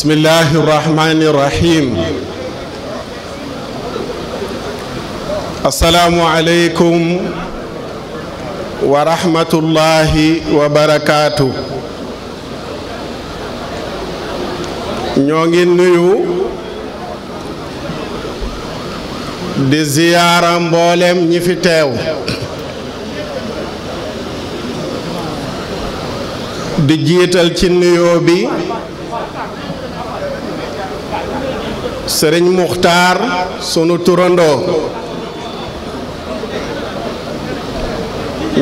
بسم الله الرحمن الرحيم السلام عليكم ورحمة الله nuyu di ziyaara mboolem ñi fi teew di jiital ci nuyoo bi sëriñ muxtaar sunu turandoo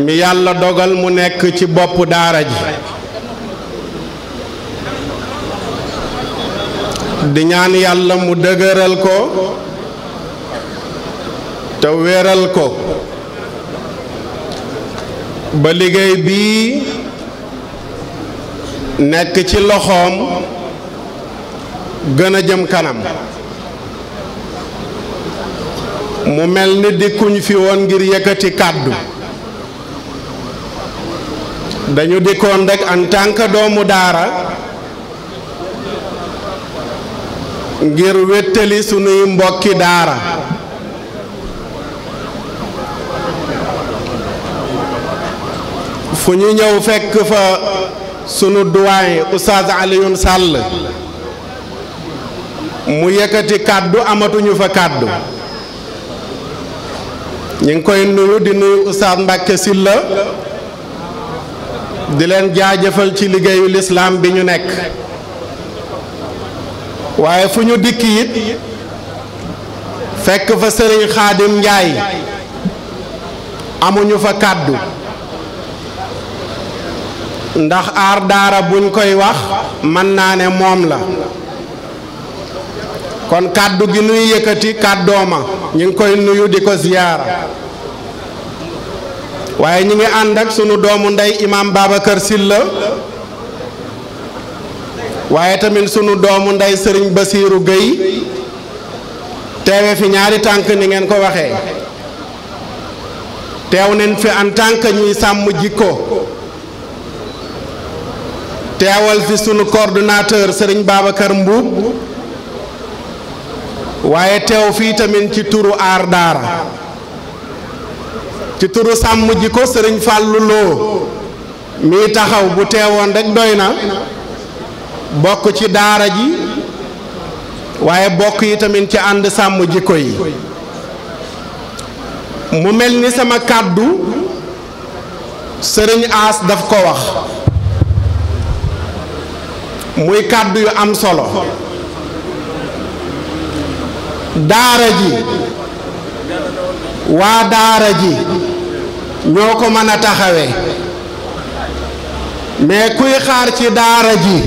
mi yàlla dogal mu nekk ci bopp daara ji di ñaan yàlla mu dëgëral ko te wéral ko ba liggéey bii nekk ci loxoom gën a jëm kanam mu mel ni dikkuñ fi woon ngir yëkkati kàddu dañu dikkoon rek en tant doomu daara ngir wéttali sunuy mbokki daara fu ñu ñëw fekk fa sunu doyen Oustaz Alioune Sall mu yëkkati kàddu amatuñu fa kàddu ñu ngi koy nuyu di nuyu Oustaz Mbacke Sylla di leen jaajëfal ci liggéeyu lislaam bi ñu nekk waaye fu ñu dikk it fekk fa sëriñ xaadim njaay amuñu fa kàddu ndax aar daara buñ koy wax mën naa ne moom la kon kàddu gi nuy yëkkati kàddooma ñu ngi koy nuyu di ko ziyaara waaye ñu ngi ànd ak sunu doomu ndey imaam Babacar Sylla waaye tamit sunu doomu ndey sëriñ Basiiru Gueye teewe fi ñaari tànk ni ngeen ko waxee teew nañ fi en tant que ñuy sàmm jikko teewal fi sunu coordonnateur sëriñ Babacar Mbuub waaye teew fii tamit ci turu aar daara ci turu sàmm ji ko sëriñ Fàllu Loo taxaw bu teewoon rek doy na bokk ci daara ji waaye bokk yi tamit ci ànd sàmm jikko yi mu mel ni sama kàddu sëriñ aas daf ko wax muy kàddu yu am solo daara ji waa daara ji ñoo ko mën a taxawe mais kuy xaar ci daara ji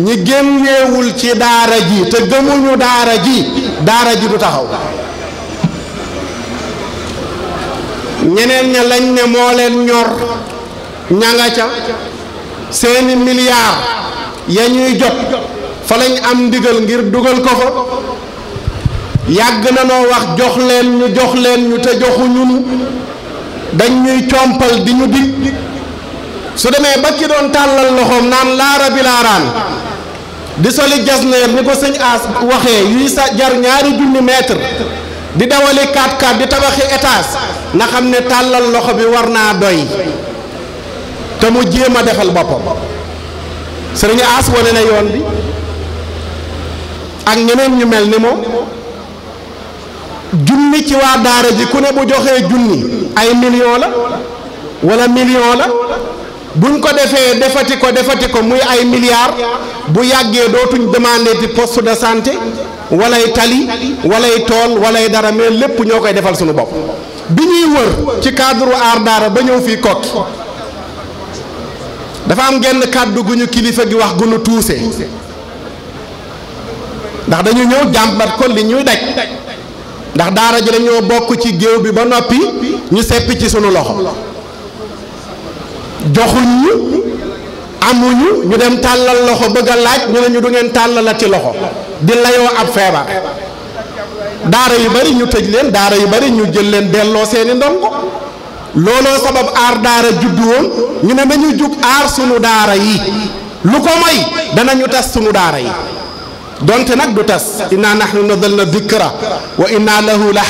ñi génneewul ci daara ji te gëmuñu daara ji daara ji du taxaw ñeneen ña lañ ne moo leen ñor ña nga ca seeni milliards ya ñuy jot fa lañ am ndigal ngir dugal ko fa yàgg na noo wax jox leen ñu jox leen ñu te joxu ñunu dañ ñuy compal di ñu dig su demee ba ki doon tàllal loxoom naan laara bi laaraan di soli jasneer ni ko sëñ As waxee yuy sa jar ñaari junni mètre di dawali 4x4 di tabaxi étage na xam ne tàllal loxo bi war naa doy te mu jéem a defal boppam sëriñ As wane na yoon bi ak ñeneen ñu mel ni moom junni ci waa daara ji ku ne bu joxee junni ay million la wala million la buñ ko defee defati ko defati ko muy ay milliards bu yàggee dootuñ demandé ci poste de santé walay tali walay tool walay dara mais lépp ñoo koy defal suñu bopp bi ñuy wër ci cadre aar daara ba ñëw fii Kokki dafa am genn kàddu gu ñu kilifa gi wax gu ñu ndax dañu ñëw jàmbat ko li ñuy daj ndax daara ji dañoo bokk ci géew bi ba noppi ñu seppi ci sunu loxo joxuñu amuñu ñu dem tàllal loxo bëgg laaj ñu ne ñu du ngeen tàllala ci loxo di layoo ab feebar daara yu bari ñu tëj leen daara yu bari ñu jël leen delloo seeni ndongo looloo sabab aar daara juddu woon ñu ne nañu jug aar sunu daara yi lu ko moy danañu tas sunu daara yi donte nag du tas inna nahnu nazzalna dikra wa inna lahu la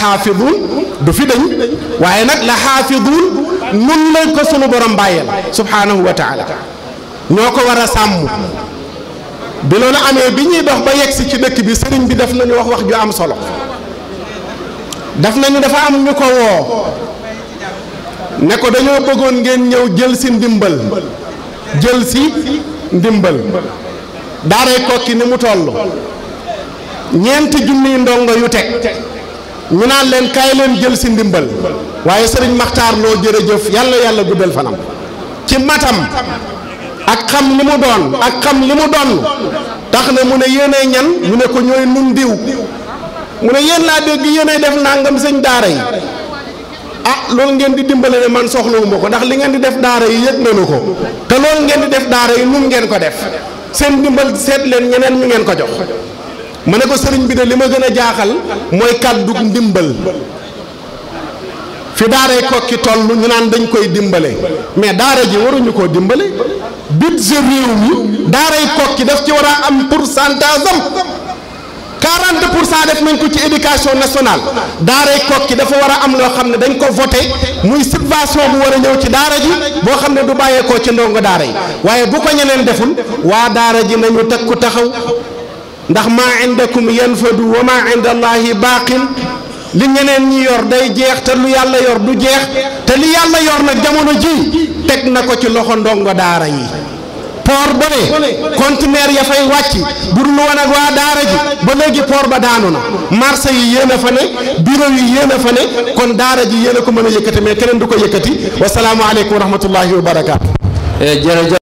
fi dañ waaye nag la xaafidun nun lañ ko sunu borom bàyyeel subhaanahu wa taala ñoo ko war a sàmm bi loolu amee bi ñuy dox ba yegsi ci dëkk bi sëriñ bi daf nañu wax wax ju am solo daf nañu dafa am ñu ko woo ne ko dañoo bëggoon ngeen ñëw jël si ndimbal jël si ndimbal daaray kokki ni mu toll ñeenti junniy ndongo yu teg ñu naan leen kaay leen jël si ndimbal waaye sëriñ maxtaar loo jëf yàlla yàlla guddal fanam ci matam ak xam li mu doon ak xam li mu doon tax na mu ne yéenay ñan mu ne ko ñooy nun diw mu ne yéen laa dégg yéenay def nangam sëñ daara yi ah loolu ngeen di dimbale ne man soxlawuma ko ndax li ngeen di def daara yi yëg nañu ko te loolu ngeen di def daara yi nun ngeen ko def seen ndimbal seet leen ñeneen ñu ngeen ko jox ma ne ko sëriñ bi de li ma gën a jaaxal mooy kàddu ndimbal fi daaray kokki toll ñu naan dañ koy dimbale mais daara ji waruñu koo dimbale budget réew mi daaray kokki daf ci war a am pourcentage am 40 pour cent def nañ ko ci éducation nationale daaray Koki dafa war a am loo xam ne dañ ko voté muy subvention bu war a ñëw ci daara ji boo xam ne du bàyyeekoo ci ndongo daara yi waaye bu ko ñeneen deful waa daara ji nañu teg ku taxaw ndax maa indakum yanfadu wa maa inda allahi baaqin li ñeneen ñi yor day jeex te lu yàlla yor du jeex te li yàlla yor nag jamono ji teg na ko ci loxo ndongo daara yi port ba ne conteneur ya fay wàcc bur lu woon ak waa daara ji ba léegi port ba daanu na marché yi yéen a fa ne bureau yi yéen fa ne kon daara ji yéen a ko mën a yëkkati mais keneen du ko yëkkati wasalaamualeykum wa rahmatullahi wa barakaatu. Eh,